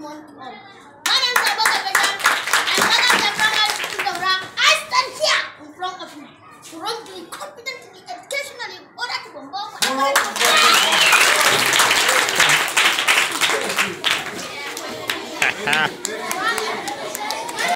month old. My name is Abakar Bajan and Bagan Jabrahal Dora. I stand here in front of you to run to incompetently educationally in order to bomb Ha ha.